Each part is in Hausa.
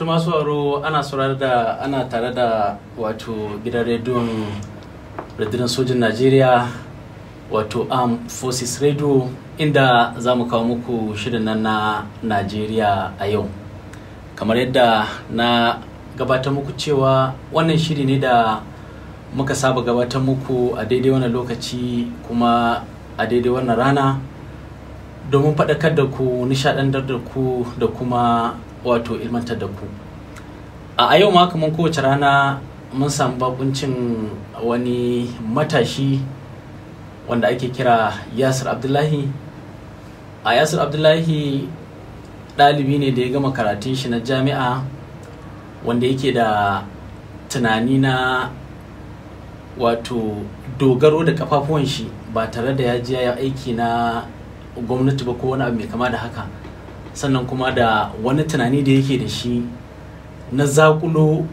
tuma sauraro ana saurari da ana tare da wato gidan rediyon rundunar sojin najeriya wato arm forces radio inda za mu kawo muku shirin nan na najeriya a yau kamar yadda na gabatar muku cewa wannan shiri ne da muka saba gabatar muku a daidai wannan lokaci kuma a daidai wannan rana domin faɗakar da ku nishaɗantar da ku da kuma wato ilmantar da ku a yau ma kamar kowace rana mun samu bakuncin wani matashi wanda ake kira yasir abdullahi a yasir abdullahi ɗalibi ne da ya gama karatun shi na jami'a wanda yake da tunani na wato dogaro da kafafuwan shi ba tare da ya je ya aiki na gwamnati ba ko wani abu mai kama da haka sannan kuma da wani tunani da yake da shi na zakulo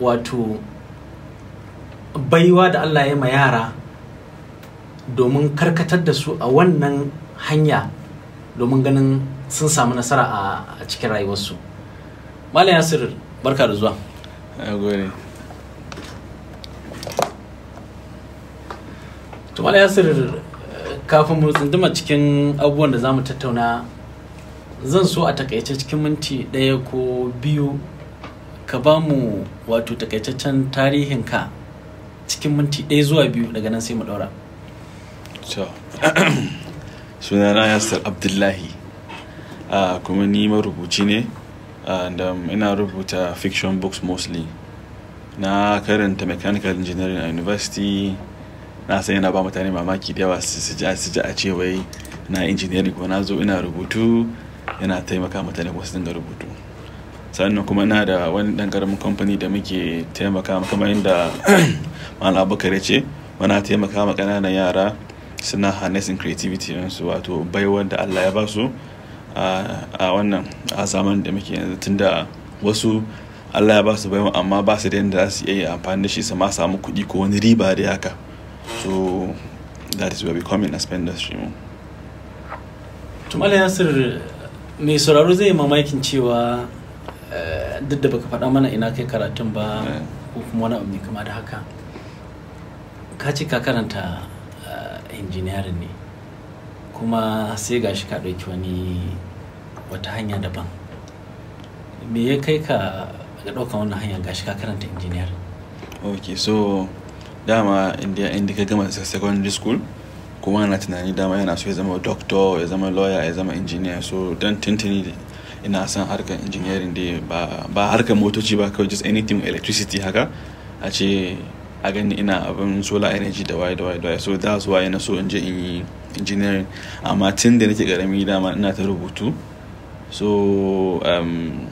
wato baiwa da Allah ya ma yara domin karkatar da su a wannan hanya domin ganin sun samu nasara a cikin rayuwarsu malam yasir barka da zuwa to malam yasir eh, kafin mu tsunduma cikin abubuwan da za mu tattauna zan so a takaice cikin minti ɗaya ko biyu ka ba mu wato takaitaccen tarihin ka cikin minti ɗaya zuwa biyu daga nan sai mu ɗaura na yasir abdullahi ah, kuma ni marubuci ne ah, da ina rubuta fiction books mostly na karanta mechanical engineering a university na san yana ba mutane mamaki da yawa su ji a cewai na engineering ko na zo ina rubutu yana taimaka mutane wasu dinga rubutu sannan kuma na da wani dan karamin kamfani da muke taimaka kamar yadda malam abubakar ce mana taimaka ma kananan yara suna harnessing creativity su wato baiwar da allah ya ba su a wannan a zaman da muke yanzu tunda wasu allah ya ba su baiwa amma ba su da yadda za su iya amfani da shi su ma samu kuɗi ko wani riba da haka so that is where we come in as spenders shi mu. Tumala Nasir mai sauraro zai yi mamakin cewa eh, duk da baka faɗa mana ina kai karatun ba eh. ko kuma wani abu mai kama da haka ka ce ka karanta eh, injiniyarin ne kuma sai gashi ka ɗauki wani wata hanya daban me ya kai ka ga ɗaukan wannan hanya gashi ka karanta injiniyar ok so dama inda ka gama secondary school kuma na tunani dama yana so ya zama doctor ya zama lawyer ya zama engineer so dan tuntuni ina son harkar engineering dai ba ba harkar motoci ba kawai just anything electricity haka a ce a gani ina abin solar energy da waye da da waye so that's why na so in je in yi engineering amma tun da nake karami dama ina ta rubutu so um,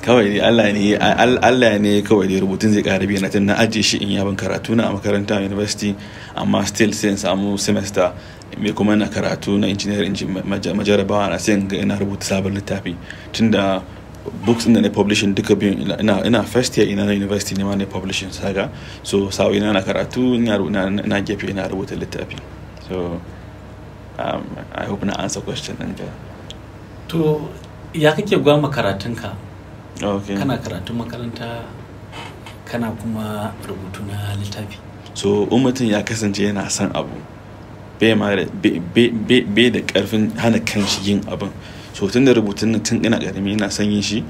kawai Allah ne Allah ne kawai da rubutun zai ƙara biyan tun na ajiye shi in yaban karatu na a makaranta university amma still sai samu semester mai kuma na karatu na engineer inji majarabawa na sai ina rubuta sabon littafi tunda books din da na publishing duka biyun ina ina first year ina na university ne ma na publishing saga so sawo ina na karatu ina na gefe ina rubuta littafi so um, I hope na answer question ɗin to ya kake gwama makaratunka Oh, okay. kana karatun makaranta kana kuma rubutu na littafi so in mutum ya kasance yana son abu bai da karfin hana shi yin abin so tun da rubutun tun ina karami ina son yin shi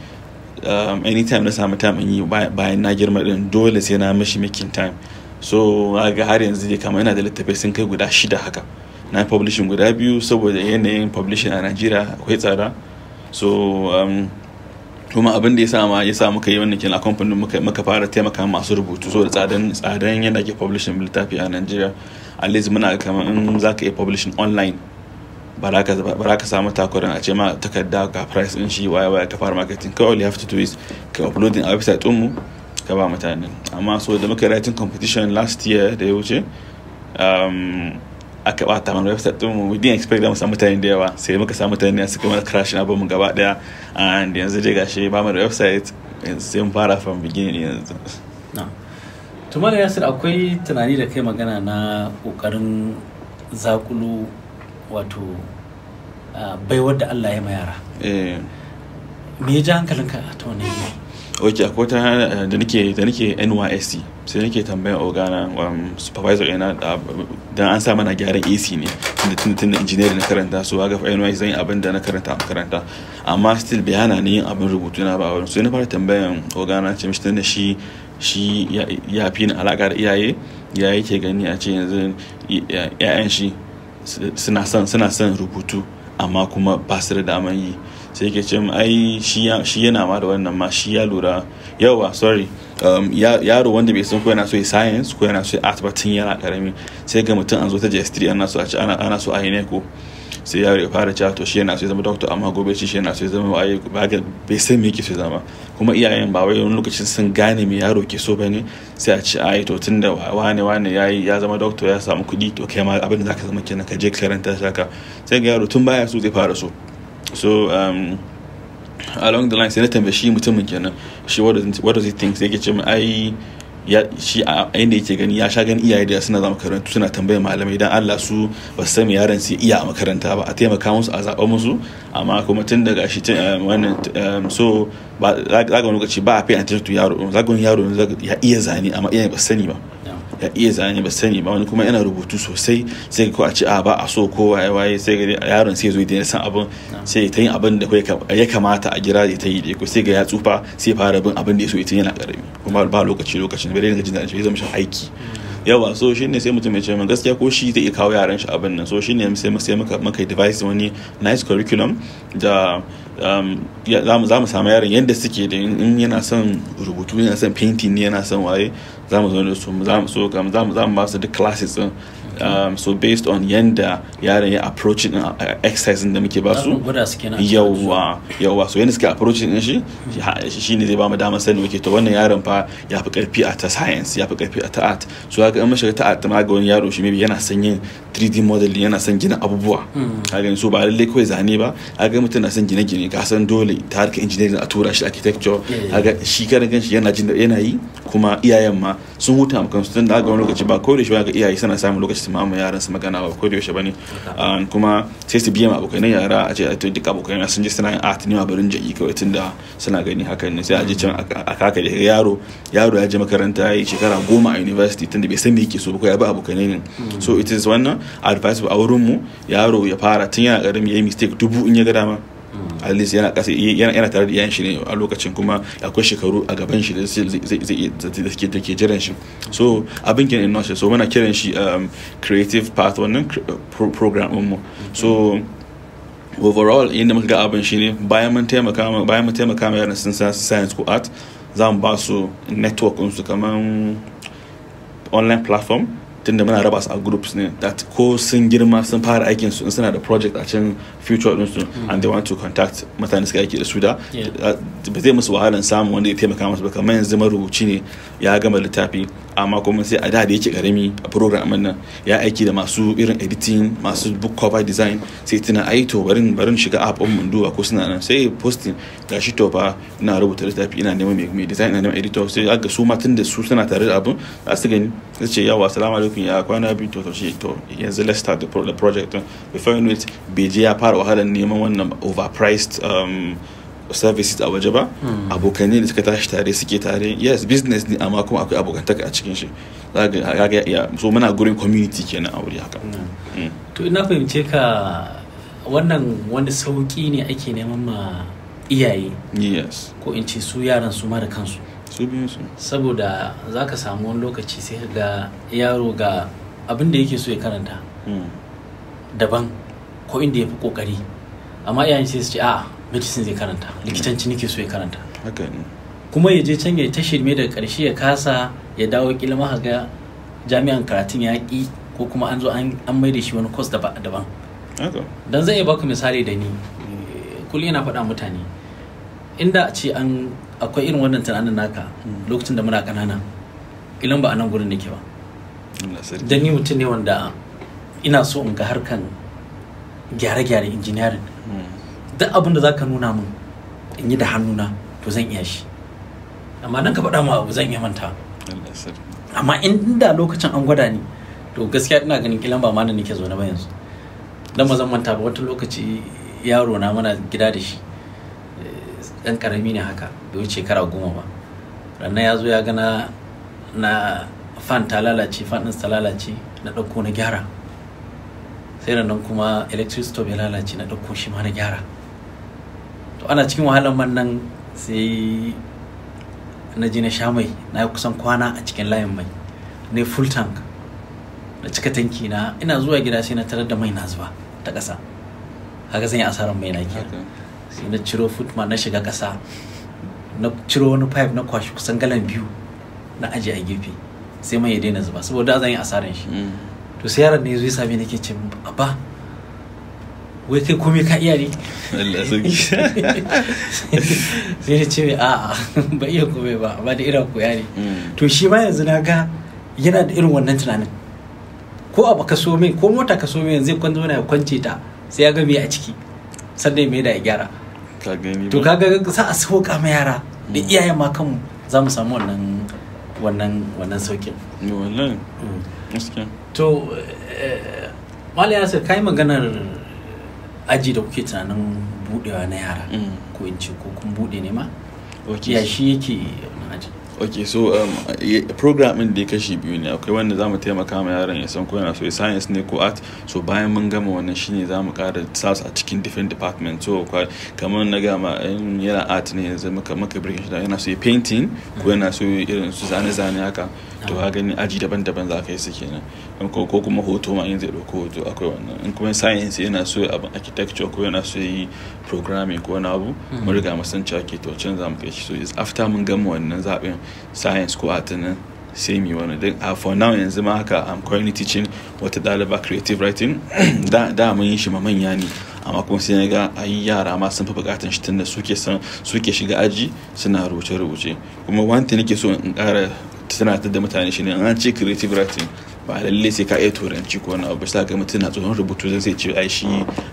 um, anytime na samu time yi bayan na girma din dole sai na mashi making time so ga har yanzu dai kama yana da littafai sun kai guda shida haka na publishing guda biyu saboda yanayin publishing a najeriya akwai tsada so um, kuma abin da ya sa ma ya sa muka yi wannan kin a kamfanin muka fara taimaka masu rubutu so da tsadan tsadan yadda ke publishing littafi a Najeriya at least muna kamar in zaka yi iya publishing online ba za ka samu takurin a ce ma takarda ga price din shi waya waya ka fara marketing ka all you have to do is ka uploading a website mu ka ba mutane amma so da muka yi writing competition last year da ya wuce um, aka bata mana website din mu we didn't expect mu samu mutane da yawa sai muka samu mutane suka mana crash na mu gaba daya and yanzu dai gashi ba mu da website sai mu fara from beginning yanzu ya yasir akwai tunani da kai magana na kokarin zakulu wato ah, baiwar da allah ya mayara. yara eh. me ya ji hankalinka a ta wannan ok akwai ta da nake da nake nysc sai nake tambayan ogana um, supervisor ina dan an sa mana gyaran ac ne tunda tunda tunda engineer na karanta so ga nysc zan yi abin da na karanta a makaranta amma still bayana ne yin abin rubutu na ba a wurin so na fara tambayan ogana ce mishi tunda shi shi ya fi ni alaka da iyaye ya yake gani a ce yanzu ya'yan shi suna son rubutu amma kuma ba su da daman yi sai ke ce ai shi yana ma da wannan ma shi ya lura yawa sorry um, yaro wanda bai san ko yana so ya science ko yana so ya art tun yana karami sai ga mutum an zo ta js3 ana so a ci ana so a yi ne ko sai yaro ya fara cewa to shi yana so ya zama doctor amma gobe shi yana so ya zama waye ba bai san me yake so ya zama kuma iyayen ba wai wani lokacin sun gane me yaro ke so bane sai a ce ai to tunda wane wane yayi ya zama doctor ya samu kuɗi to kai ma abin da zaka zama kenan ka je karanta shaka sai ga yaro tun baya so zai fara so so um, along the line sai na tambaye shi mutumin kenan shi what does he think sai ke ce mu ai ya shi a inda yake gani ya sha gani iyaye da suna zama makarantu suna tambayar malamai dan Allah su ba su sami yaran su iya a makaranta ba a taimaka musu a zaɓa musu amma kuma tun daga shi um, wannan um, so za ga wani lokaci ba a fi attention to yaro za ga wani yaro ya iya zane amma iyaye ba sani ba ya iya zane ba sani ba wani kuma yana rubutu sosai sai ko a ci a ba a so ko waye waye sai ga yaron sai zo ya san abin sai ta yin abin da ya kamata a gira ya ta yi da sai ga ya tsufa sai fara bin abin da ya so ita yana karami kuma ba lokaci lokacin bai daina jin daɗin zai zama aiki yawa so shi ne sai mutum ya ce min gaskiya ko shi zai iya kawo yaran shi abin nan so shi ne sai muka yi device wani nice curriculum da Um, za mu samu yaron yadda suke da in yana son rubutu yana son painting ne yana son waye za mu zo da su za mu so za mu ba su duk classes din um, so based on yanda yaran ya approach din uh, exercise da muke ba su yawa yawa so yanda suke approach din shi shine zai ba mu damar sanin muke to wannan yaron fa ya fi karfi a ta science ya fi karfi a ta art so haka in mashi ta art ma ga wani yaro shi maybe yana son yin 3D modeling yana son gina abubuwa haka hmm. so ba lalle kawai zane ba haka mutum na son gine-gine ka san dole ta harkar engineering a tura shi architecture haka shi karan kanshi yana jin yana yi kuma iyayen ma sun huta ma kansu tun da ga wani lokaci ba kawai da shi ga iyaye suna samun lokaci su mamu yaran su magana ba ko da yaushe bane ah, kuma sai su biya ma abokai na yara a ce a to duka abokai na sun je suna yin art ne ma barin jaki kawai tunda suna gani hakan ne sai a je can a kaka da yaro yaro ya je makaranta ya yi shekara goma a university tunda bai san me yake so ba ko ya bi abokai ne so it is wannan advice a wurin mu yaro ya fara tun yana karami ya yi mistake dubu in ya ga dama at least yana kasa yana tare da iyayen shi ne a lokacin kuma akwai shekaru a gaban shi da zai ke jiran shi so abin kin in so muna kiran shi um, creative path wannan program mu so overall yadda muka ga abin shi ne bayan mun taimaka bayan mun taimaka yana sun science ko art zan ba su network su kaman online platform tunda muna raba su a groups ne that ko sun girma sun fara aikin su suna da project a can future din su hmm. and they want to contact mutane suka aiki da su da uh, ba zai musu wahalan samun wanda ya taimaka musu ba kamar yanzu marubuci ne ya gama littafi amma kuma sai a da da yake karami a program nan ya aiki da masu irin editing masu book cover design sai tuna ai to barin barin shiga app din mun duba ko suna nan sai posting gashi to fa ina rubuta littafi ina neman mai design ina neman editor sai ga su ma tunda su suna tare da abun za su gani sai ce yawa assalamu nufin ya kwana biyu to shi to yanzu let's start the project before you know it je ya fara wahalar neman wannan overpriced um, services a waje ba abokanai da suka tashi tare suke tare yes business ne amma kuma akwai abokantaka a cikin shi so muna gurin community kenan a wuri haka to ina hmm. fahimce ka wannan wani sauki ne ake neman ma iyaye ko in ce su yaran su ma da kansu saboda za ka samu wani lokaci sai ga yaro ga abin da yake so ya karanta hmm. daban ko inda ya fi kokari amma iyayen sai su ce a medicine zai karanta hmm. likitanci nake so ya karanta kuma ya je can ya ta shirme daga karshe ya kasa ya dawo kila ga jami'an karatun ya ki ko kuma an zo an mai da shi wani kwas daban don zai iya baka misali da ni eh, kullum yana faɗa mutane inda ce an akwai irin wannan tunanin naka lokacin da muna kanana ilan ba a nan gurin nake ba da ni mutum ne wanda ina so in ga harkan gyare-gyare injiniyarin duk abin da za ka nuna min in yi da hannuna to zan iya shi amma nan ka faɗa ma abu zan iya manta amma inda lokacin an gwada ni to gaskiya ina ganin ilan ba ma nan nake zaune ba yanzu dan ba zan manta ba wata lokaci yaro na muna gida da shi Ɗan ƙarami ne haka bai wuce shekara goma ba rannan ya zo ya gana na fan ta lalace fan ɗinsa ta lalace na ɗauko na gyara sai rannan kuma electric stove ya lalace na ɗauko shi ma na gyara to ana cikin wahalar man nan sai na ji na sha mai na yi kusan kwana a cikin layin mai ne full tank na cika tanki na ina zuwa gida sai na tarar da mai na zuba ta ƙasa haka zan yi asarar mai na kenan na ciro footman na shiga ƙasa na ciro wani pipe na kwashi kusan galan biyu na aji a gefe sai man ya daina zuba saboda zan yi asaran shi mm. to sai yaron ne zai sami nake ce abba wai kai komai ka iya ne sai da ce a ba iya komai ba ba da irin koya ne mm. to shi ma yanzu na ga yana da irin wannan tunanin ko abu ka so mai ko mota ka so mai yanzu kwan zo na kwance ta sai ya ga mai a ciki sannan me da ya gyara ka gani to kaga za a sauka ma yara da mm. iyayen ma kanmu za mu samu wannan wannan wannan saukin wannan mm. gaskiya to eh, mali sai kai maganar aji da kuke tunanin budewa na yara mm. ko in ce ko kun bude ne ma ya shi yake aji ok so um, program da ya kashi biyu ne akwai wanda za mu taimaka ma yaron ya san ko yana so ya science ne ko art so bayan mun gama wannan shine za mu kara sas a cikin different department so kamar na gama yana art ne yanzu maka maka break shi yana so ya painting ko mm. yana so irin su zane-zane haka to ka ah. aji daban-daban za ka yi su kenan ko kuma hoto ma in zai dauko hoto akwai wannan in kuma science yana so abin architecture ko yana so yi programming ko wani abu hmm. mun riga mu san cewa ke to can za mu kai shi so is after mun gama wannan zaɓin science ko art nan sai mu wani a ah, for now yanzu ma haka am currently teaching wata ɗaliba creative writing da da mun yi shi ma manya ne amma kuma sai na ga ayi yara ma sun fi bukatan shi tunda suke san suke shiga aji suna rubuce rubuce kuma wanta nake so in ƙara tunatar da mutane shi ne an ce creative writing ba lalle sai ka iya turanci ko wani abu sa ga mutum na tsohon rubutu zai sai ce ai shi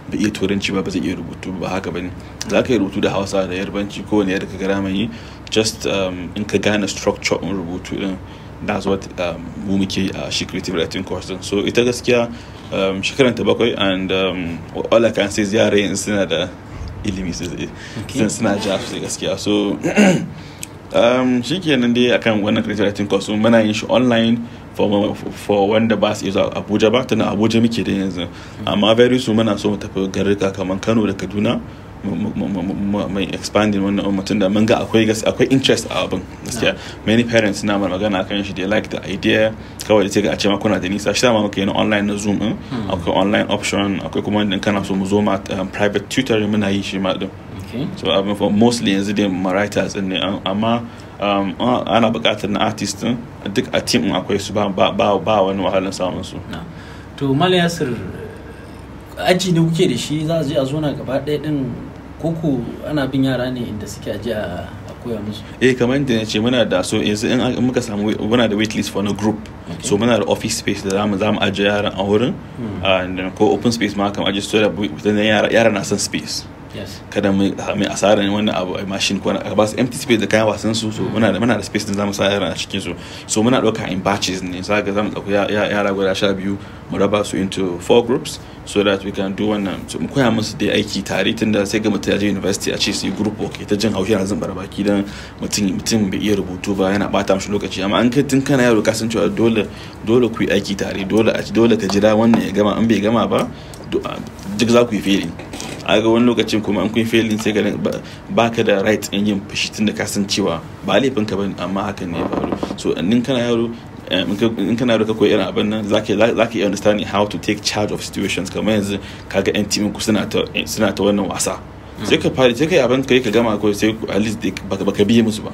bai iya turanci ba ba zai iya rubutu ba haka bane za ka yi rubutu da hausa da yarbanci ko wani yadda ka gara mai just um, in ka gane structure in rubutu din that's what um, mu muke a shi creative writing course din so ita gaskiya um, shekaran ta bakwai and um, all I can say is yare yanzu suna da ilimi sosai suna ja sosai gaskiya so um, shi kenan dai akan wannan creative writing course muna yin shi online for wanda ba su zuwa abuja ba tana abuja muke da yanzu amma very soon muna so mu tafi garuka kamar kano da kaduna mai expanding wannan mutum da mun ga akwai akwai interest a abin gaskiya many parents na mana magana kan shi they like the idea kawai sai ga a ce ma kuna da nisa shi ma muka yi na online na zoom din hmm. akwai online option akwai kuma in kana so mu zo ma um, private tutor muna yi shi ma din so abin for mostly yanzu dai writers ne amma Um, uh, ana buƙatar na artist duk a team akwai su ba wani wahalar samun su to mal yasir aji da kuke da shi za a je a zo na gaba ɗaya din koko ana bin yara ne inda suke aji a koya musu eh kamar yadda na ce muna da so yanzu in muka samu muna da waitlist for na group so muna da office space da zamu zamu aje yaran a wurin hmm. ko open space ma kamar aje so da yaran na son space kada mai asara ne wannan abu mashin ko a ba su empty space da kayan wasan su so muna da muna da space din zamu sa yara a cikin su so muna dauka in batches ne za ga zamu dauko yara guda sha biyu mu raba su into four groups so that we can do one so mu koya musu dai aiki tare tunda sai ga mutum ya je university a ce su group work ta jin haushi yanzu bar baki dan mutum mutum bai iya rubutu ba yana bata mishi lokaci amma an kai tun kana yaro ka san cewa dole dole ku yi aiki tare dole dole ka jira wannan ya gama an bai gama ba duk za ku yi failing a ga wani lokacin kuma an kun failing sai ka ba ka da right in yin fushi da ka san cewa ba laifin ka bane amma hakan ne ya faru so in kana yaro eh, in kana da kakwai irin abin nan za ka yi understanding how to take charge of situations kamar yanzu kaga 'yan timin ku suna ta wannan wasa sai ka fara sai kai abin kai ka gama ko sai at least baka biye musu ba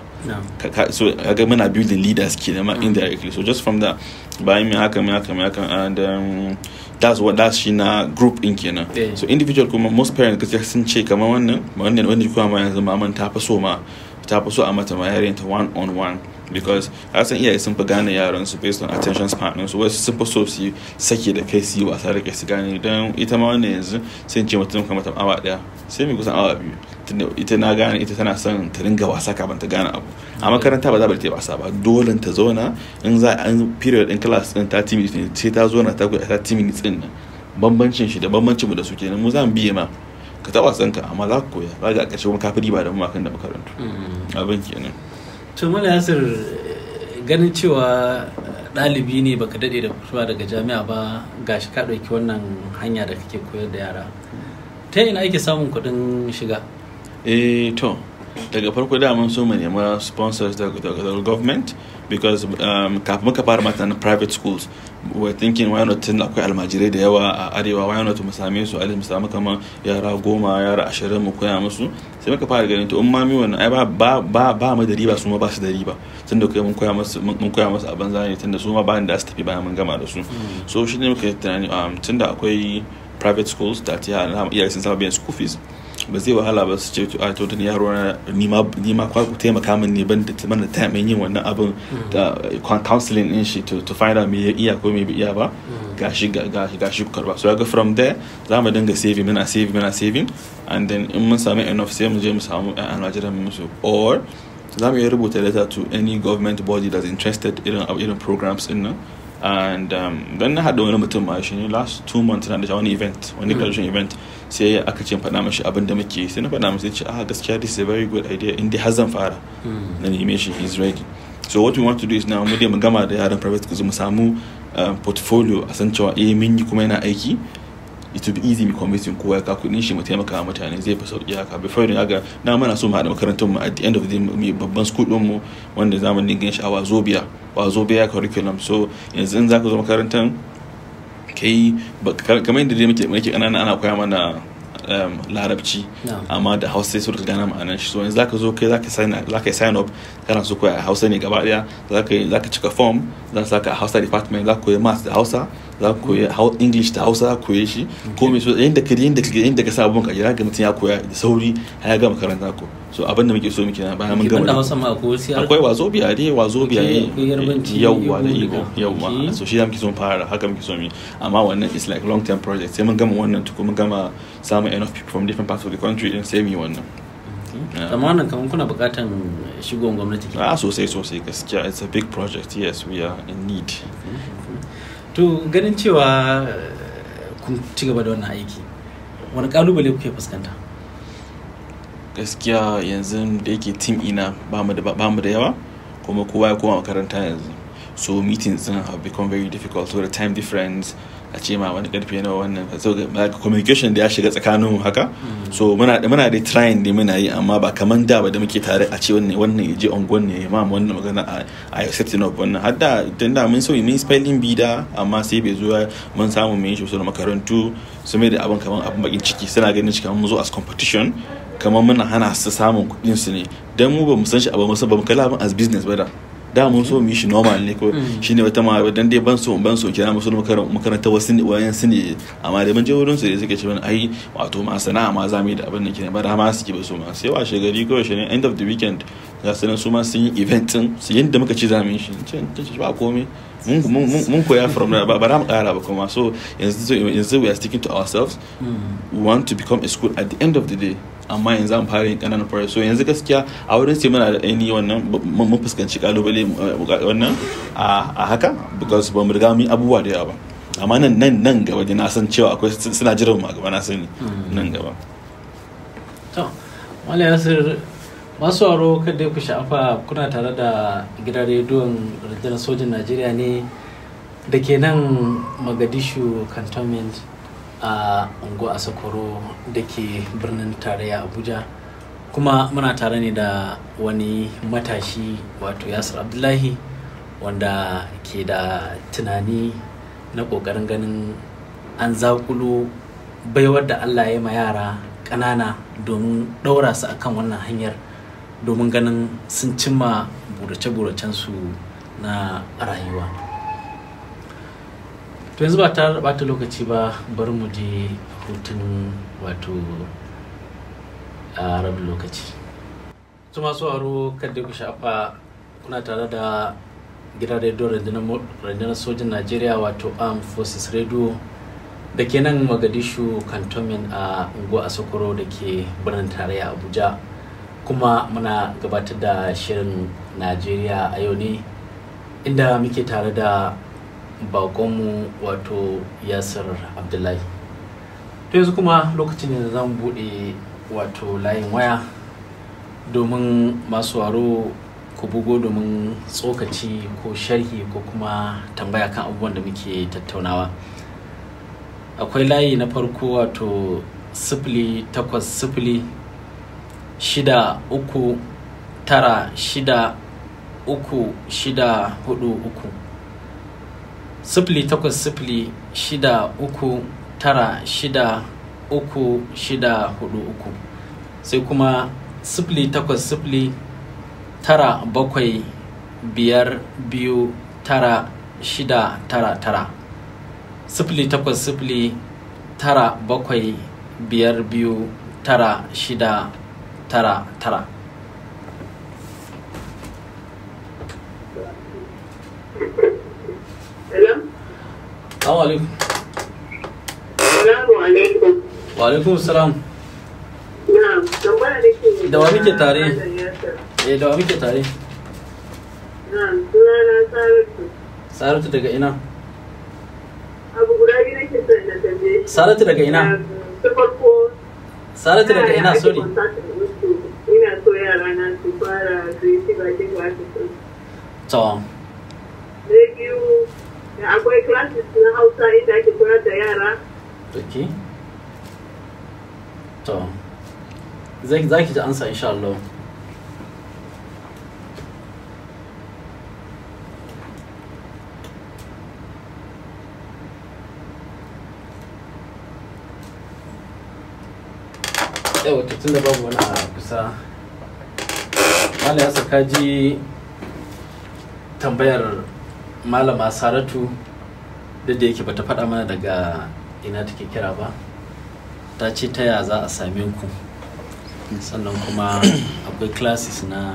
so ga muna building leaders ke nama mm. indirectly so just from that bayan mai haka mai haka mai haka and um, that's what that's shi na group din kenan eh. so individual kuma most parents gaskiya sun ce kamar wannan wannan wanda kuma ma yanzu maman ta fa so ma ta fa so a mata ma ta one on one because a san iyaye sun fi gane yaran su based on attention span su wasu sun fi so su sake da kai su yi wasa da kai su gane don ita ma wannan yanzu sai ce mutum kamar tam awa daya sai mai kusan awa biyu ita na gane ita tana son ta ringa wasa kafin ta gane abu a makaranta ba za ba yi wasa ba dole ta zauna in za a period in class din ta timi ne sai ta zauna ta guda ta minutes din nan bambancin shi da bambancin mu da su kenan mu za mu biye ma ka ta wasan ka amma za ku koya za ka ƙarshe kuma fi ba da mu makan da makarantu mm-hmm. abin kenan to mana yasir ganin cewa ɗalibi ne baka daɗe da fitowa daga jami'a ba ga shi ka ɗauki wannan hanya da kake koyar da yara ta ina ake samun kuɗin shiga eh to daga farko da mun so mu nema sponsors daga government because um, kafin muka fara matan na private schools we're thinking why not tun akwai almajirai da yawa a arewa why not mu same su a mu samu kamar yara goma yara ashirin mu koya musu sai muka fara ganin to in ma mi wannan ai ba ba ba mu da riba su ma ba su da riba tun da kai mun koya musu mun a banza ne tun da su ma ba da su tafi bayan mun gama da su hmm. so shi ne muka yi tunani um, tun da akwai private schools da ta yara iyaye sun saba biyan school fees ba zai wahala ba su ce to a to da yaro na ni ma kwa ku taimaka min ne ban da mana ta mai yin wannan abin da counseling din shi to find out me iya ko me bi iya ba mm. gashi gashi gashi ku karba so ga from there za mu dinga saving muna saving muna saving and then in mun samu enough sai mu je mu samu almajiran mu musu or za mu iya rubuta letter to any government body that's interested in irin programs in and um, then na haɗa wani mutum ma shi last two months na da wani event wani mm. graduation event sai aka ce faɗa mashi abin da muke sai na faɗa mashi ce a ah, gaskiya this is a very good idea in dai har zan fara hmm. na neme shi is ready so what we want to do is now mu dai mu gama da yaran private schools mu samu eh, portfolio a san cewa eh mun yi kuma yana aiki it will be easy mu you kowa ka kudin shi mu taimaka mutane zai fi sauki haka before you aga na mana so mu haɗa makarantar mu at the end of the day mu babban school din mu wanda zamu dinga shi wazobia wazobia wazobia curriculum so yanzu in zaka zo makarantar kai kamar yadda dai muke muke kanana ana koya mana um, larabci amma da hausa sai su rika gana ma'anar shi so yanzu zaka zo kai zaka sign zaka sign up kana so koya hausa ne gaba daya zaka zaka cika form zan saka hausa department zaka koyi maths da hausa za ku koyi english da hausa za ku koye shi ko mai so yadda ka yadda ka da ka sa abun ka ga mutum ya koya da sauri har ya gama karanta ko so abin da muke so muke na bayan mun gama da hausa ma ko akwai wazo biya dai wazo biya yawwa da igbo yawwa so shi da muke so fara haka muke so mu amma wannan is like long term project sai mun gama wannan tukun mun gama samun enough people from different parts of the country din sai mu yi wannan nan kamar kuna bukatan shigon gwamnati a ah, sosai sosai gaskiya it's a big project yes we are in need to ganin cewa eh, kun ci gaba da wannan aiki wani kalubale kuke fuskanta gaskiya yanzu da yake tim ina ba mu da yawa kuma kowa ya koma makaranta yanzu so meetings have become very difficult so the time difference a ce ma wani karfe nawa wannan so communication da ya shiga tsakanin mu haka so muna da muna da trying da muna yi amma ba kaman da ba da muke tare a ce wannan wannan ya je unguwan ne ma wannan magana a setting up wannan har da tun da mun so mun spelling bi da amma sai bai zo mun samu mun yi shi da makarantu su mai da abin kaman abin bakin ciki suna ganin cikin mun zo as competition kamar muna hana su samun kudin su ne dan mu ba mu san shi abu musa ba mu kalla abin as business ba da da mun so mu shi normal ne ko mm. shine wata ma dan dai ban so ban so kira musu makaranta wasu ne wayan su ne amma da mun je wurin su ne suka ce mana ai wato ma sana'a ma za mu yi da abin nan kenan ba da ma suke ba so ma sai wa gari ko shi ne end of the weekend ga su nan su ma sun yi event din su yadda muka ci za mu yi shi ba komai mun koya from that ba za mu kara ba kuma so yanzu we are sticking to ourselves mm. we want to become a school at the end of the day amma yanzu an fara yin ƙananan fara so yanzu gaskiya a wurin sai muna da ainihi wannan mun fuskanci kalubale uh, wannan a haka because ba mu riga mun abubuwa da yawa ba amma nan nan nan gaba da na san cewa akwai suna jiran mu a gaba na sani hmm. nan gaba to wala yasir masu aro kada ku sha'afa kuna tare da gidan rediyon rundunar sojin najeriya ne da ke nan magadishu cantonment a unguwa a sakoro da ke birnin tarayya abuja kuma muna tare ne da wani matashi wato yasir abdullahi wanda ke da tunani na ƙoƙarin ganin an zakulo baiwar da allah ya ma yara ƙanana domin ɗaura su akan wannan hanyar domin ganin sun cimma burace-buracensu na rayuwa to yanzu ba ta bata lokaci ba bar mu je hutun wato a rabu lokaci su masu aro kadda ku shafa kuna tare da gidan radio rundunar sojin najeriya wato arm forces radio da ke nan magadishu cantonment a unguwa a sokoro da ke birnin tarayya abuja kuma muna gabatar da shirin najeriya a yau ne inda muke tare da bakonmu wato yasir abdullahi to yanzu kuma lokacin da zan buɗe wato layin waya domin masu waro ku bugo domin tsokaci ko sharhi ko kuma tambaya kan abubuwan da muke tattaunawa akwai layi na farko wato sifili takwas sifili shida uku tara shida uku shida hudu uku sifili takwas shida uku tara shida uku shida uku sai kuma sifili takwas tara bakwai biyar biyu tara shida tara tara sifili takwas sifili tara bakwai biyar biyu tara shida tara tara Assalamu alaikum. Wa alaikum salam. Da wa tare? Eh da wa tare? Saratu daga ina? Abu guda biyu Saratu daga ina? Ta Saratu daga ina sorry. Ina Na biyu akwai classes na hausa inda ake koyar da yara ok to za ki ji ansa insha Allah yau tun da babu wani a kusa wala ya saka ji tambayar malama saratu duk da yake bata faɗa mana daga ina take kira ba ta ce ta ya za a same ku sannan kuma akwai classes na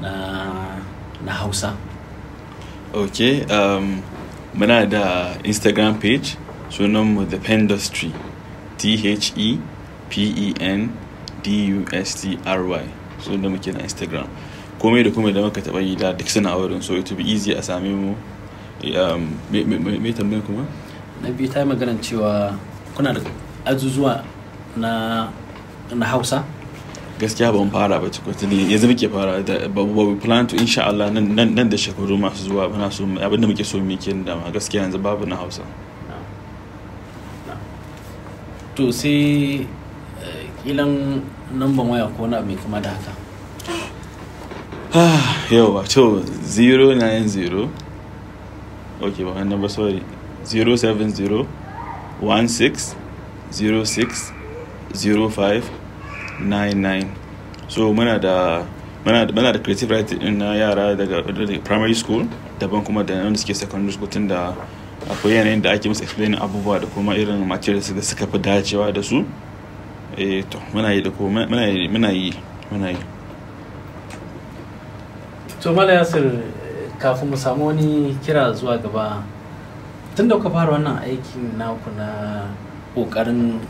na na hausa ok um, muna da instagram page mu the pendustry t-h-e p-e-n d-u-s-t-r-y sunan muke na instagram komai da komai da muka taɓa yi da duk suna wurin so it be easy a same mu um, me tambayar kuma na biyu ta yi maganar cewa kuna da azuzuwa na na hausa gaskiya ban fara ba cikin yanzu muke fara da babu plan to insha Allah nan da shekaru masu zuwa muna so abin da muke so mu yake da ma gaskiya yanzu babu na Hausa to sai eh, kilan namban waya ko na mai kuma da haka Ah, yawa to 090 ok ba wannan ba sorry 070 16 06 05 99 so muna da muna da da creative writing din na yara daga primary school daban kuma da wanda suke secondary school tun da akwai yanayin da ake musu explaining abubuwa da kuma irin materials da suka fi dacewa da su eh to muna yi da kuma muna yi muna yi muna yi to mala yasir kafin mu samu wani kira zuwa gaba tun da kuka fara wannan aikin naku na kokarin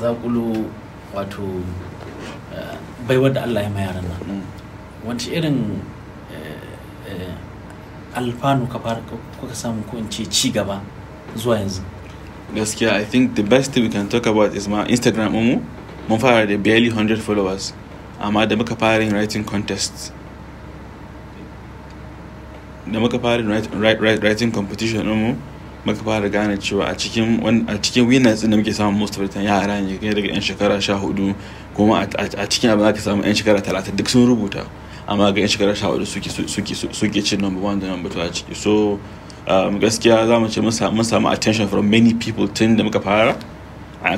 zakulo wato eh, baiwar da allah ya ma yaran nan mm. wacce irin eh, eh, alfanu ka kuka samu ko in ci gaba zuwa yanzu gaskiya i think the best thing we can talk about is my instagram mu mun fara da barely 100 followers amma da muka fara yin writing contests da muka fara writing competition mu muka fara gane cewa a cikin a cikin winners da muke samun most of the time yara ne kai daga yan shekara 14 kuma a cikin abin aka samu yan shekara 30 duk sun rubuta amma ga yan shekara 14 suke suke suke cin number 1 da number 2 a ciki so um, gaskiya za mu ce mun samu attention from many people tun da muka fara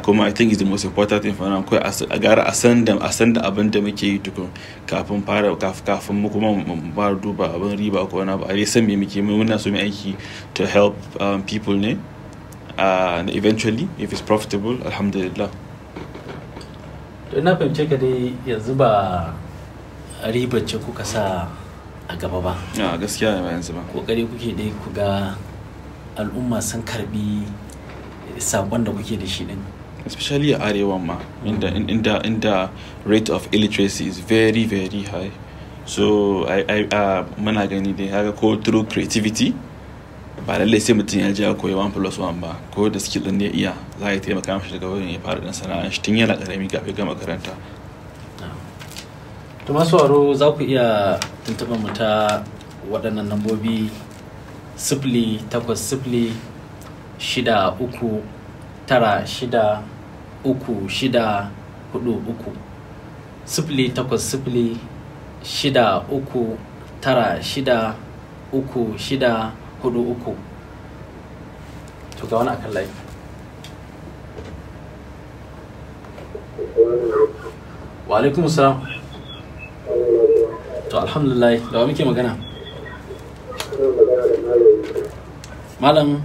kuma i think is the most important thing for now akwai a gara a san da a san da abin da muke yi tukun kafin fara kafin mu kuma mu fara duba abin riba ko wani abu a dai san me muke mu muna so mu aiki to help um, people ne and eventually if it's profitable alhamdulillah to ina fahimce ka dai yanzu ba ribar ce kuka sa a gaba ba a ah, gaskiya yanzu ba kokari kuke dai ku ga al'umma sun karbi sabon da kuke da shi din especially a arewa ma inda mm. inda inda rate of illiteracy is very very high so i i uh, muna gani dai haka ko through creativity ba lallai sai mutum ya je a koyi one plus one ba ko da skill din ya iya za ya taimaka mashi daga wurin ya fara dan sana'a shi tun yana karami kafin gama makaranta to masu waro za ku iya tuntuɓar mu ta waɗannan lambobi sifili takwas sifili shida uku tara shida uku shida hudu uku sifili takwas sifili shida uku tara shida uku shida hudu uku to wani akan lai wa alaikum salam to alhamdulillah da wa muke magana malam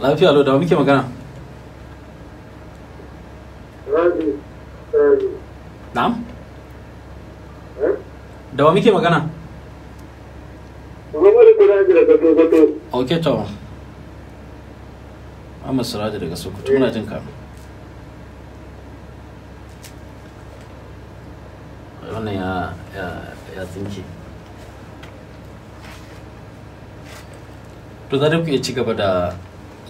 lafiya lo da muke magana na'am eh? da wa muke magana ok to amma siraji daga sokoto muna jin ka wannan ya ya tsinke to za ku iya ci gaba da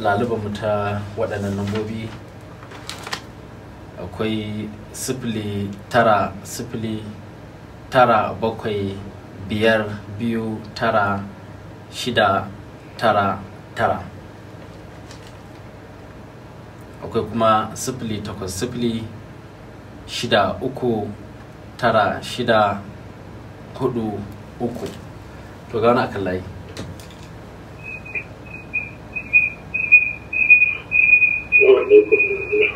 mu ta waɗannan lambobi akwai sifili tara sifili tara bakwai biyar biyu tara shida tara tara akwai kuma sifili takwas sifili shida uku tara shida hudu uku to ga wani akan layi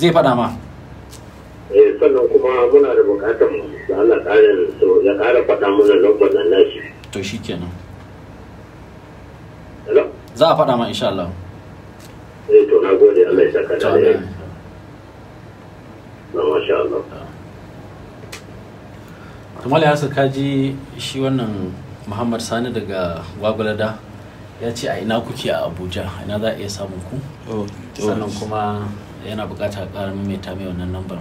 zai faɗa ma eh, sannan kuma muna da bukatar da Allah ƙarin so ya ƙara faɗa mana lokacin da nashi to shikenan za a faɗa ma insha Allah eh to na gode Allah ya saka da na masha Allah tumali hasa kaji shi wannan muhammad sani daga gwagwalada ya ce a ina kuke a abuja ina za a iya samun ku oh, sannan kuma yana bukatar karar maimaita mai wannan lambar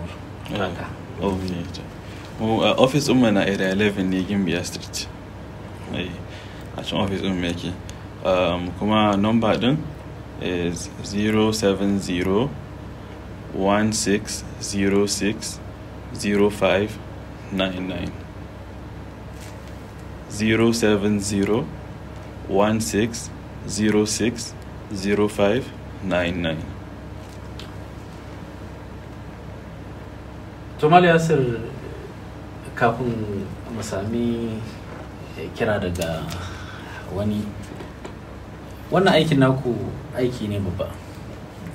ofis ɗin mana uh, area 11 ne gimbiya street eh, a cikin ofis ɗin yake um, kuma number ɗin is 070 1606 0599 070 1606 0599 jamal yasir kafin mu sami eh, kira daga wani wannan aikin naku aiki ne babba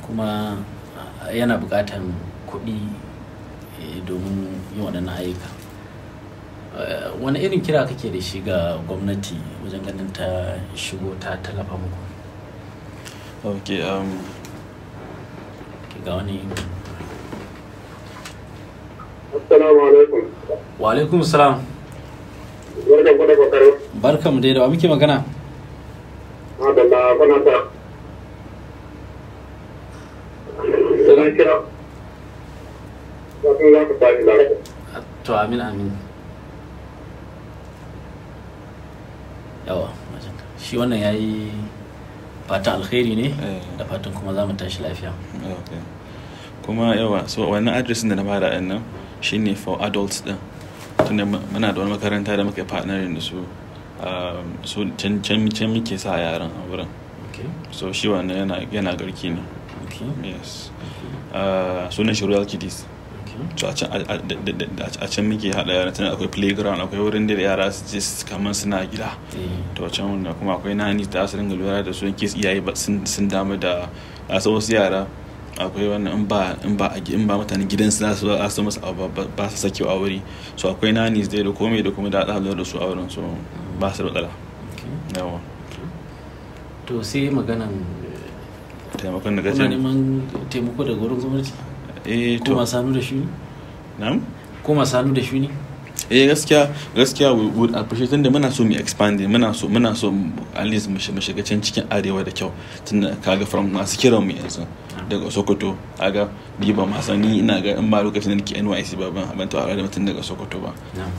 kuma yana bukatan kuɗi eh, domin yin waɗannan ayyuka eh, wani irin kira kake da shi ga gwamnati wajen ganin ta shigo ta tallafa muku ok um, ga wani Assalamu alaikum. Wa alaikum salam. Barkan ku da Barkan mu daidawa muke magana? Adalla kuna ta. kira. za ku lafiya. To amin amin. Yawa, shi wannan yayi fata alkhairi ne eh. da fatan kuma za mu tashi lafiya. kuma yawa so wannan adresin da na bada nan shine for adults din tunda muna da wani makaranta da muka partner da su um, so can can muke sa yaran a wurin so shi wannan yana yana garki ne yes uh, sunan shi royal kiddies so a can muke hada yara tana akwai playground akwai wurin da yara su je kamar suna gida eh. to a can wanda kuma akwai nani da su ringa lura da su in iyaye sun damu da a wasu yara akwai wani in ba in ba in ba mutanen gidan su za masu masa ba su sake a wuri so akwai nani dai da komai da kuma da haɗa da su a wurin so ba su da tsala yawa to sai maganan eh, taimakon daga can neman taimako daga wurin gwamnati eh to kuma sanu da shi ne na'am kuma sanu da shi ne eh gaskiya gaskiya we would appreciate tunda muna so mu expanding muna so muna so at least mu shiga can cikin arewa da kyau tunda kaga from masu kiran mu yanzu daga Sokoto aga bi ba ma sani ina ga in ba lokacin da nake NYC ba ban ban tawara da tunda daga Sokoto ba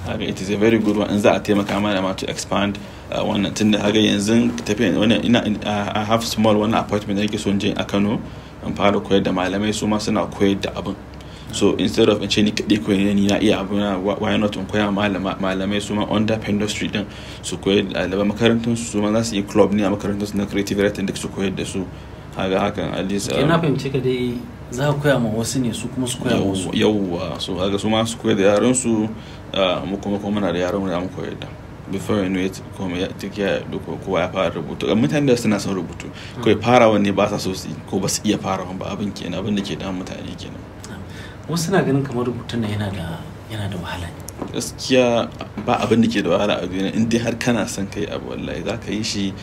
aga it is a very good one in za a taimaka mana ma to expand uh, wannan tunda aga yanzu tafiya wannan ina I have small one appointment da nake so in je a Kano in fara koyar da malamai su ma suna koyar da abin so instead of in ce ni kaɗai koyi ni na iya abu na why not in koya malamai su ma under pendo industry din su koyi ɗalibai makarantun su ma za su yi club ne a makarantun su na creative writing duk su koyar da su haga hakan at least eh, na um, fahimci ka dai za ka koya ma wasu ne su kuma su koya ma wasu yawwa so haga su ma su koyar da yaran su uh, mu kuma kuma muna da yaran mu da mu koyar da before you know it kuma ya take ya doko kowa ya fara rubutu ga mutane da suna son rubutu kawai farawa ne ba sa so su ko ba su iya farawa ba abin kenan abin da ke da mutane kenan wasu na ganin kamar rubutun na yana da yana da wahala gaskiya ba abin da ke da wahala a duniya in dai har kana son kai abu wallahi za ka yi shi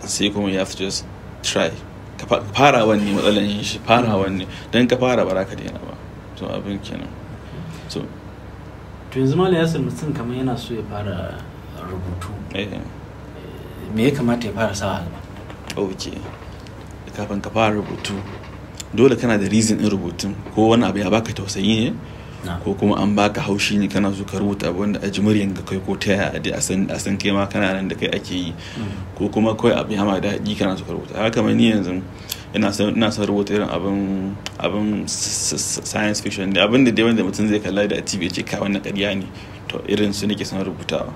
sai kuma you have to just try ka fara wani matsalan yin shi fara wani don ka fara ba za ka daina ba so abin kenan so to yanzu ya san mutum kamar yana so ya fara rubutu eh. Eh, me ya kamata ya fara sawa gaba ok kafin ka fara rubutu dole kana da reason in rubutun ko wani abu ya baka tausayi ne ko kuma an baka haushi ne kana so ka rubuta abu wanda aji muryan ka kai ko ta yaya a san kai ma kana nan da kai ake yi mm. ko kuma kai abu ya ma daɗi kana so ka rubuta haka kamar ni yanzu ina son rubuta irin abin abin science fiction da abin da dai wanda mutum zai kalla da a TV ya ce ka wannan ƙarya ne to irin su nake san rubutawa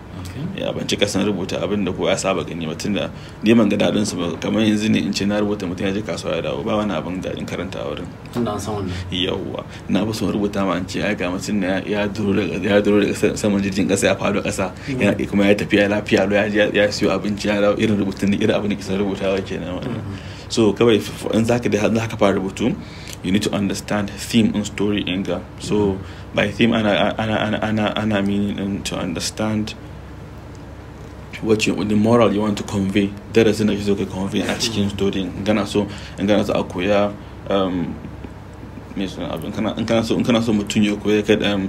ya ban cika san rubuta abin da kowa ya saba gani ba tunda ne man ga dadin su ba kamar yanzu ne in ce na rubuta mutum ya je kasuwa ya dawo ba wani abin in karanta a wurin tunda an san wannan yawwa na ba son rubuta ma an ce ai ga mutum ya duro daga ya duro daga saman jirgin kasa ya fado kasa mm-hmm. yana kuma ya tafi ya lafiya lo ya ya siyo abinci ya dawo irin rubutun irin abin da san rubutawa kenan wannan mm-hmm. so kawai in zaka da zaka fara rubutu you need to understand theme and story inga so by theme and ana and ana, ana meaning to understand what you the moral you want to convey There is another kake so convey a chicken story in kana so in kana so a koya um me suna abin kana in kana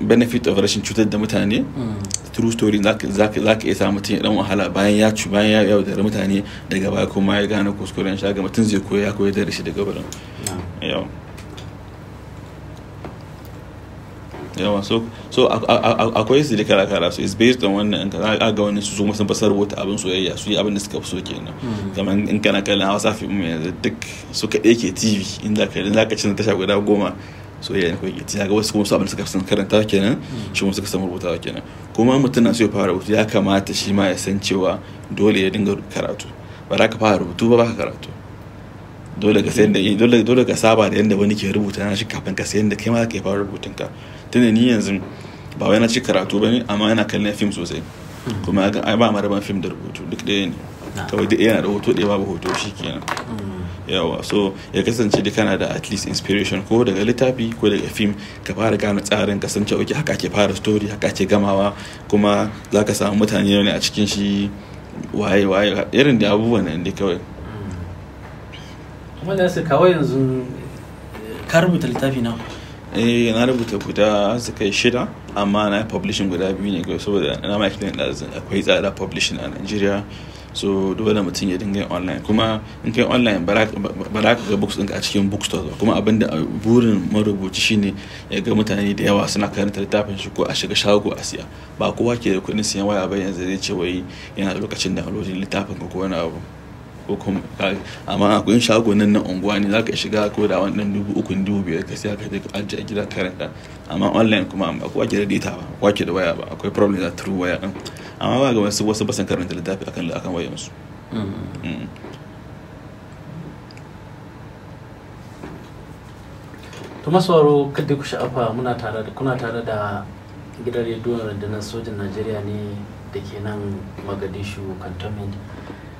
benefit of relation cutar the mutane hmm. true story like Zaki iya sa mutum ya dan wahala bayan ya ya yaudara mutane daga baya kuma ya gane kuskuren shaga mutum zai koya yawa yawa so so akwai su da karakara so it's based on wannan in kana ga wani su sun fasar wata abin soyayya su yi abin da suka so kenan hmm. kamar in kana kallon Hausa fi mu yanzu duk su ka ke TV inda za ka in za ka cin tasha guda goma soyayya ne kawai ke ga wasu kuma su abin da suka san karanta kenan hmm. shi kuma suka san rubuta kenan kuma mutum na so ya fara rubutu ya kamata shi ma ya san cewa dole ya dinga karatu ba za ka fara rubutu ba ba ka karatu dole ka sayar da eh, dole dole ka saba da yanda wani ke rubuta na shi kafin ka sayar da kai ma ka fara rubutun ka tunda ni yanzu ba wai na ci karatu ba bane amma yana kallon fim sosai kuma ga ai ba maraban fim da rubutu duk ɗaya ne kawai duk yana da hoto babu hoto shi kenan mm. yawa so ya kasance da kana da at least inspiration ko daga littafi ko daga fim ka fara gane tsarin ka san cewa haka ke fara story haka ke gamawa kuma zaka samu mutane ne a cikin shi waye waye irin da abubuwan nan kawai wannan su yanzu ka rubuta littafi na eh na rubuta guda su kai shida amma na publishing guda biyu ne kawai saboda na ma explain da akwai tsada publishing a Najeriya so dole mutum ya dinga yin online kuma in kai online ba za ka ga books ɗinka a cikin bookstore kuma abin da eh, burin marubuci shine ya ga mutane da yawa suna karanta littafin shi ko a shiga shago a siya ba kowa ke da kuɗin siyan waya ba yanzu zai ce wai yana lokacin da littafin ko wani abu ko kuma amma akwai shagunan na unguwa ne zaka shiga ko da wannan dubu uku dubu biyar ka sai ka je ka ajiye a gida ka ranta amma online kuma akwai ake da data ba akwai ake da waya ba akwai problem da through waya din amma ba ga wasu wasu basan karanta littafi akan akan wayan su mm-hmm. Mm-hmm. to masoro kada ku sha'afa muna tare da kuna tare da gidan rediyon rundunar sojin najeriya ne da ke nan magadishu cantonment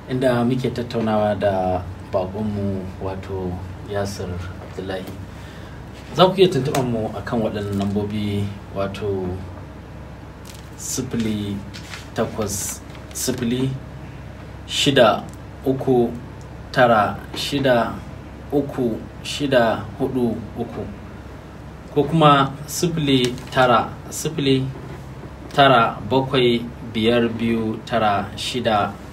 inda muke tattaunawa da baƙonmu wato yasir abdullahi za ku iya tuntuɓar mu a kan waɗannan lambobi wato sifili takwas sifili shida uku tara shida uku shida hudu uku ko kuma sifili tara sifili tara bakwai biyar biyu tara shida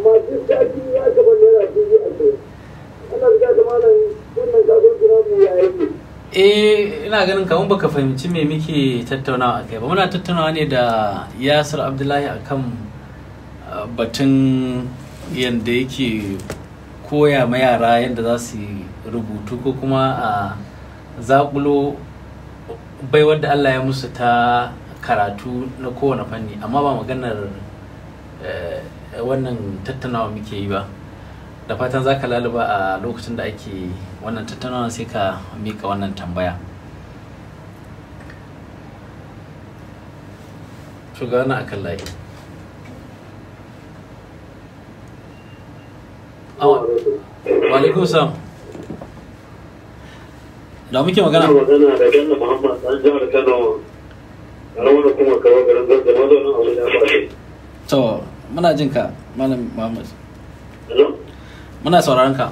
amma duk ya gaba naira a ana riga malam wannan ya eh ina ganin kamar baka fahimci me muke tattaunawa a kai ba muna tattaunawa ne da yasir abdullahi akan batun yadda yake koya ma yara yadda za su rubutu ko kuma a zakulo bai wadda allah ya musu ta karatu na kowane fanni amma ba maganar eh, wannan tattaunawa muke yi ba da fatan za ka laluba a lokacin da ake wannan tattaunawa sai ka mika wannan tambaya shugana a kan layi walikusa Da muke magana? Ina magana da Bello Muhammad an jihar Kano. Rawar kuma kawo garin Zazzaba zaunin Abuja ba To, muna jin ka malam muhammad muna sauraron ka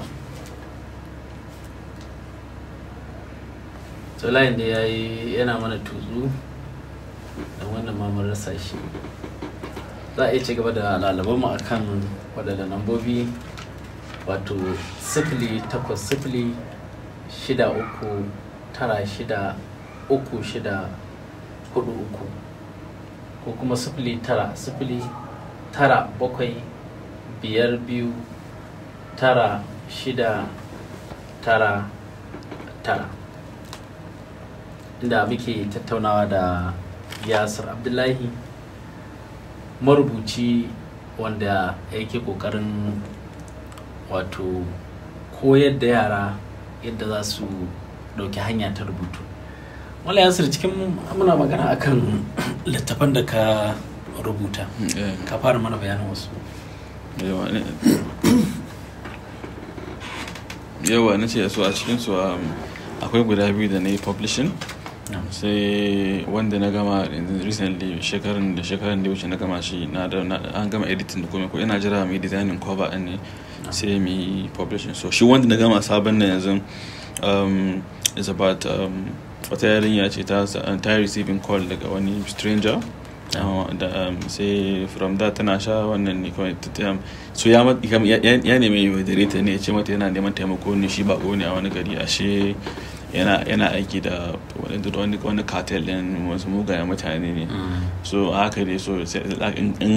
to layin da ya yi yana mana tuzu da wannan mamar rasa shi za a iya ci gaba da lalabanmu a kan waɗanda lambobi wato sifili takwas sifili shida uku tara shida uku shida hudu uku ko kuma sifili tara sifili tara bakwai biyar biyu tara shida tara tara inda muke tattaunawa da yasir abdullahi marubuci wanda yake kokarin wato koyar da yara yadda za su ɗauki hanya ta rubutu wala yasir cikin muna magana akan littafan da ka rubuta hmm, eh. ka fara mana bayanin wasu yawa na ce yasu a cikinsu um, akwai guda biyu da na yi publishing sai wanda na gama recently shekarun da shekarun da wuce na gama shi na an gama editing da kuma ko ina jira mai designing cover ɗin ne sai mai yi publishing so shi wanda na gama sabon na yanzu um, is about a um, wata yarinya ce ta ta receiving call daga wani stranger Um, sai from da tana sha wannan ne kawai su ya ya ce mata yana neman taimako ne shi bako ne a wani gari ashe yana aiki da wani cartel din wasu mugayen mutane ne so haka ne so in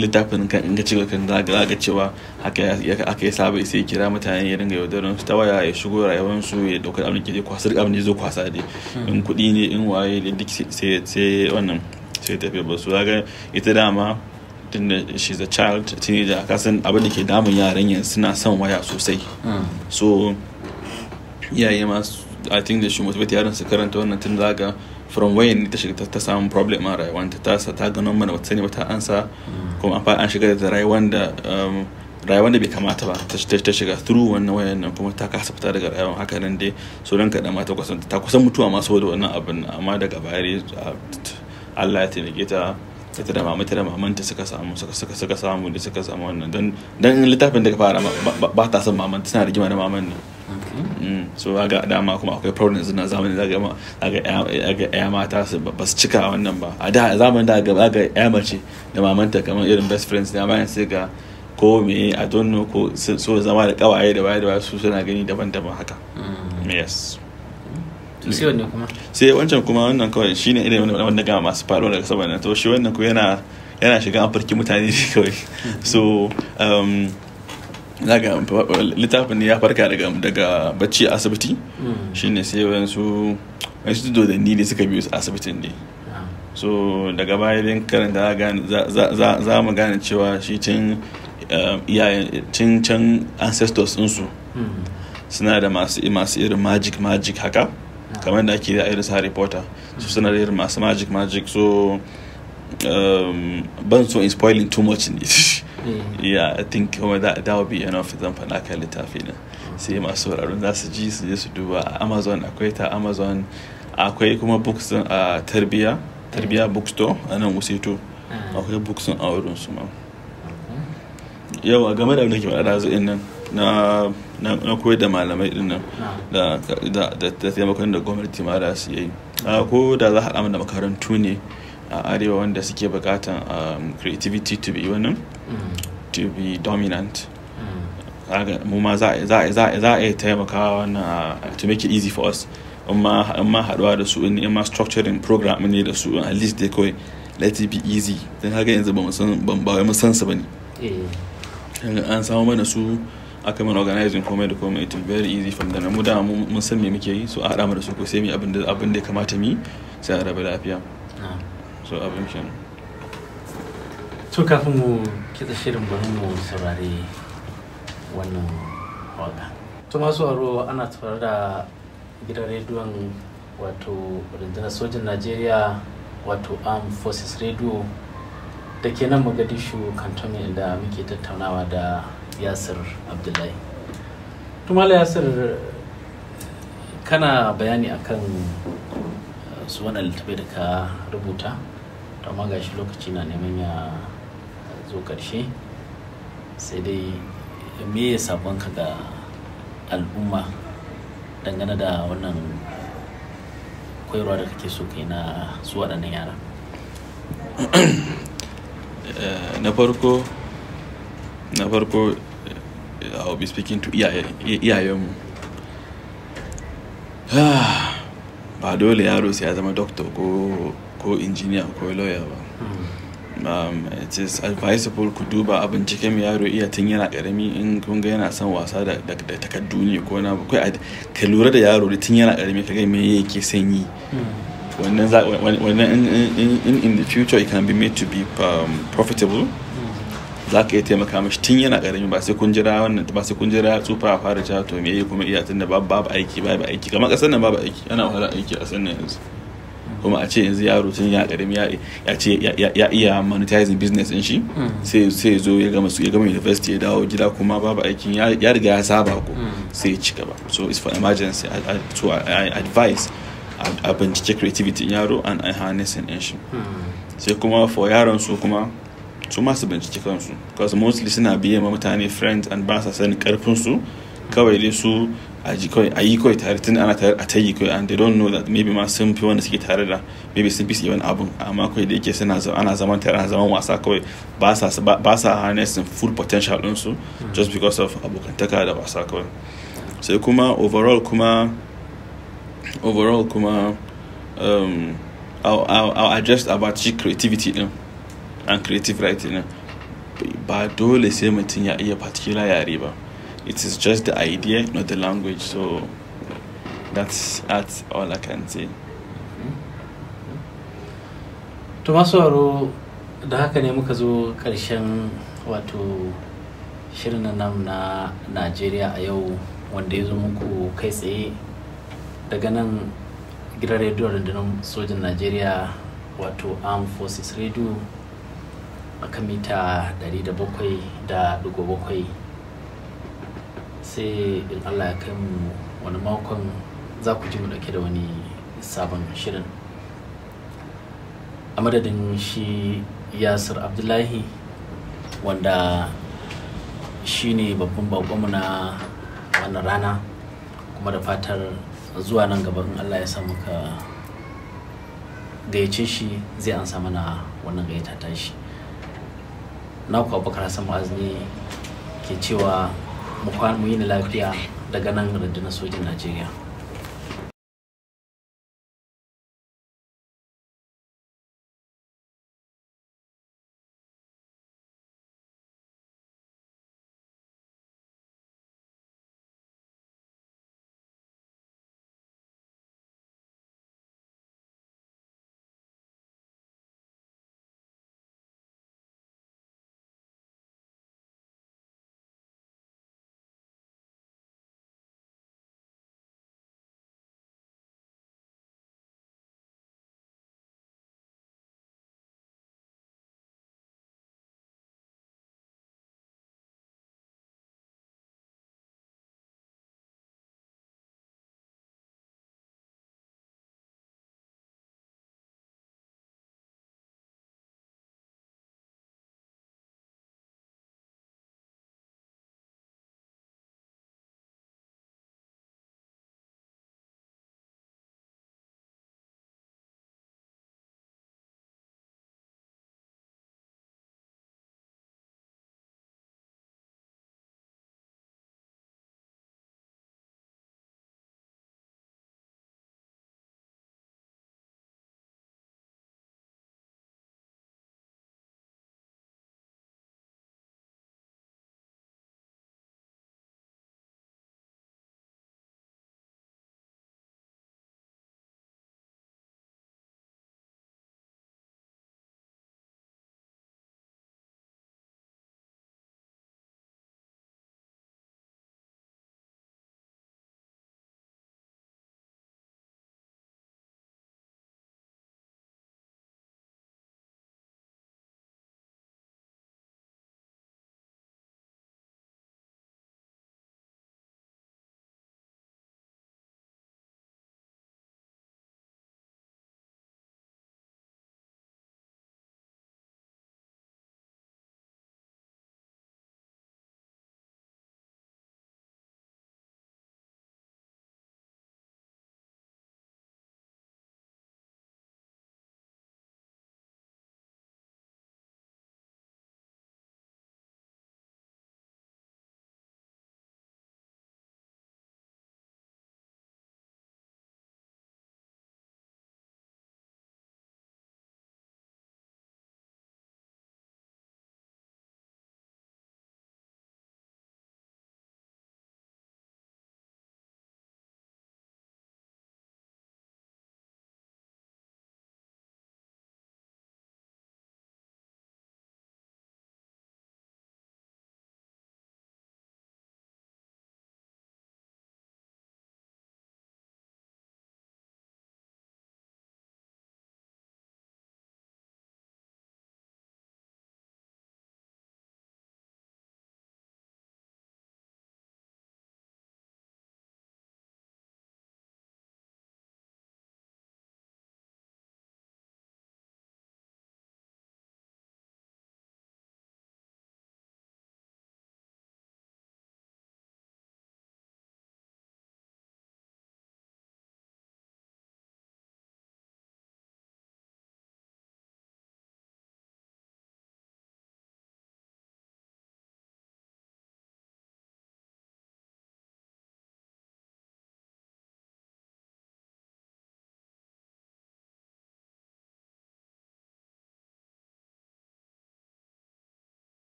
littafin kan in ga cewa kan zaga cewa haka ya saba sai kira mutane ya dinga yaudarin su ta waya ya shigo su ya daukar abin da ke kwasar abin da zo kwasa dai in kudi ne in waye duk sai wannan ta tafiya ba su ga ita dama tun da she's a child teenager kasan abin da ke damun yaran yanzu suna son waya sosai hmm. so iyaye ma i think da shi motivate yaran su karanta wannan tun za ga from wayan ne ta shiga ta samu problem a rayuwanta ta sa ta nan mana wata ne wata ansa hmm. kuma an an shiga da rayuwan da um, rayuwan da bai kamata ba ta shiga through wannan wayan nan kuma ta kasa fita daga rayuwan haka nan dai so dan kaɗan ma ta kusan mutuwa ma saboda wannan abin amma daga baya uh, Allah ya taimake ta ita da mamata da mamanta suka samu suka suka suka samu da suka samu wannan dan dan littafin da ka fara ba ta son mamanta tana rigima da maman ne mm, so ga dama kuma akwai problems na zamani zaga ma ga ya mata su ba su cika wannan ba a da zamanin da ga ga ya mace da mamanta kamar irin best friends da bayan sai ga ko me a don't know ko so zama da kawaye da waye da waye su suna gani daban-daban haka mm. yes sai kuma wancan kuma wannan kawai shine irin wanda gama masu faruwa daga saboda na to shi wannan kuma yana yana shiga afirki mutane ne kawai so um, zaga littafin ya farka daga daga bacci a asibiti mm. shine sai wasu wasu dodanni ne suka biyo asibitin ne ah. so daga baya din karanta za mu gane cewa shi cin um, iyayen can ancestors ɗinsu mm. suna da masu masu irin magic magic haka kamar da ake yi a irin harry potter su suna da irin masu magic magic so um, ban so in spoiling too much in it yeah i think kuma oh, that, that would be enough zan faɗa kan littafi na sai masu sauraron za su ji su je su duba a amazon akwai ta amazon akwai kuma books a tarbiya tarbiya bookstore a nan useto ah. akwai books a wurin su ma yau a game da abin da ke faɗa da nan na na koyar da malamai din nan da taimakon da gwamnati ma da su yi ko da za a haɗa da makarantu ne a arewa wanda suke bukatan um, creativity to be wannan mm. to be dominant mm. mu ma za a yi taimakawa na to make it easy for us in ma haɗuwa da su in ma structuring program ne da su at least dai kawai let it be easy don haka yanzu ba mu san ba mu san su bane eh. an samu mana su aka mana organizing komai da komai it very easy from there mu da mun san me muke yi so a hada mu da su ko sai mu abin da abin da ya kamata mu sai a raba lafiya ah. so abin shi to kafin mu da shirin bari mu saurari wannan waka to masu aro ana tare da gidan rediyon wato rundunar sojin najeriya wato armed forces radio da ke nan mogadishu kantomi da muke tattaunawa da yasir abdullahi tumala yasir kana bayani akan uh, su wani littafi da ka rubuta to amma gashi lokaci na neman ya zo karshe sai dai me ya sabonka ga al'umma dangane da wannan koyarwa da kake so kai na su waɗannan yara eh, na farko na farko I'll be speaking to iyayenmu ba dole yaro sai ya zama doctor ko ko engineer ko lawyer ba hmm. um, it is advisable ku duba a bincike mu yaro iya tun yana karami in kun ga yana son wasa da takaddu ne ko na kai ka lura da yaro da tun yana karami ka ga me yake son yi hmm. wannan in in in the future it can be made to be um, profitable za ka iya taimaka mashi tun yana karami ba sai kun jira wannan ba sai kun jira tsufa a fara cewa to me kuma iya tunda babu babu aiki babu aiki kamar kasar nan babu aiki ana wahala aiki a sannan yanzu kuma a ce yanzu yaro tun ya karami ya ce ya iya monetizing business din shi hmm. sai sai zo ya gama ya gama university ya dawo gida kuma babu aikin ya riga ya saba ko hmm. sai ya ci gaba so it's for emergency to advice a bincike creativity yaro and harnessing din shi hmm. sai kuma for yaron su kuma su masu bincike kansu because mostly suna biye ma mutane friends and ba sa sani karfin su kawai dai su a ji kawai a yi kawai tare tun ana tare a tayi kawai and they don't know that maybe ma sun fi wanda suke tare da maybe sun fi wani abun amma kawai da yake suna ana zaman tare ana zaman wasa kawai ba sa ba sa harnessing full potential din su just because of abokantaka da wasa kawai sai kuma overall kuma overall kuma um, I'll, I'll, I'll address about creativity din you know? and creative writing ba dole sai mutum ya iya particular yare ba it is just the idea not the language so that's that's all i can say to masu da haka ne muka zo karshen wato shirin nan na najeriya a yau wanda ya zo muku kai tsaye daga nan gidan rediyon rundunar sojin najeriya wato armed forces radio aka mita da da bakwai bakwai sai in allah ya kai mu wani makon za ku ji mu dauke da wani sabon shirin a madadin shi yasir abdullahi wanda shi ne babban mu na wannan rana kuma da fatar zuwa nan gaba in allah ya samu ka gayyace shi zai an mana wannan gayyata tashi naku abubakar hassan azumi ke cewa mu yi ni lafiya daga nan rundunar sojin najeriya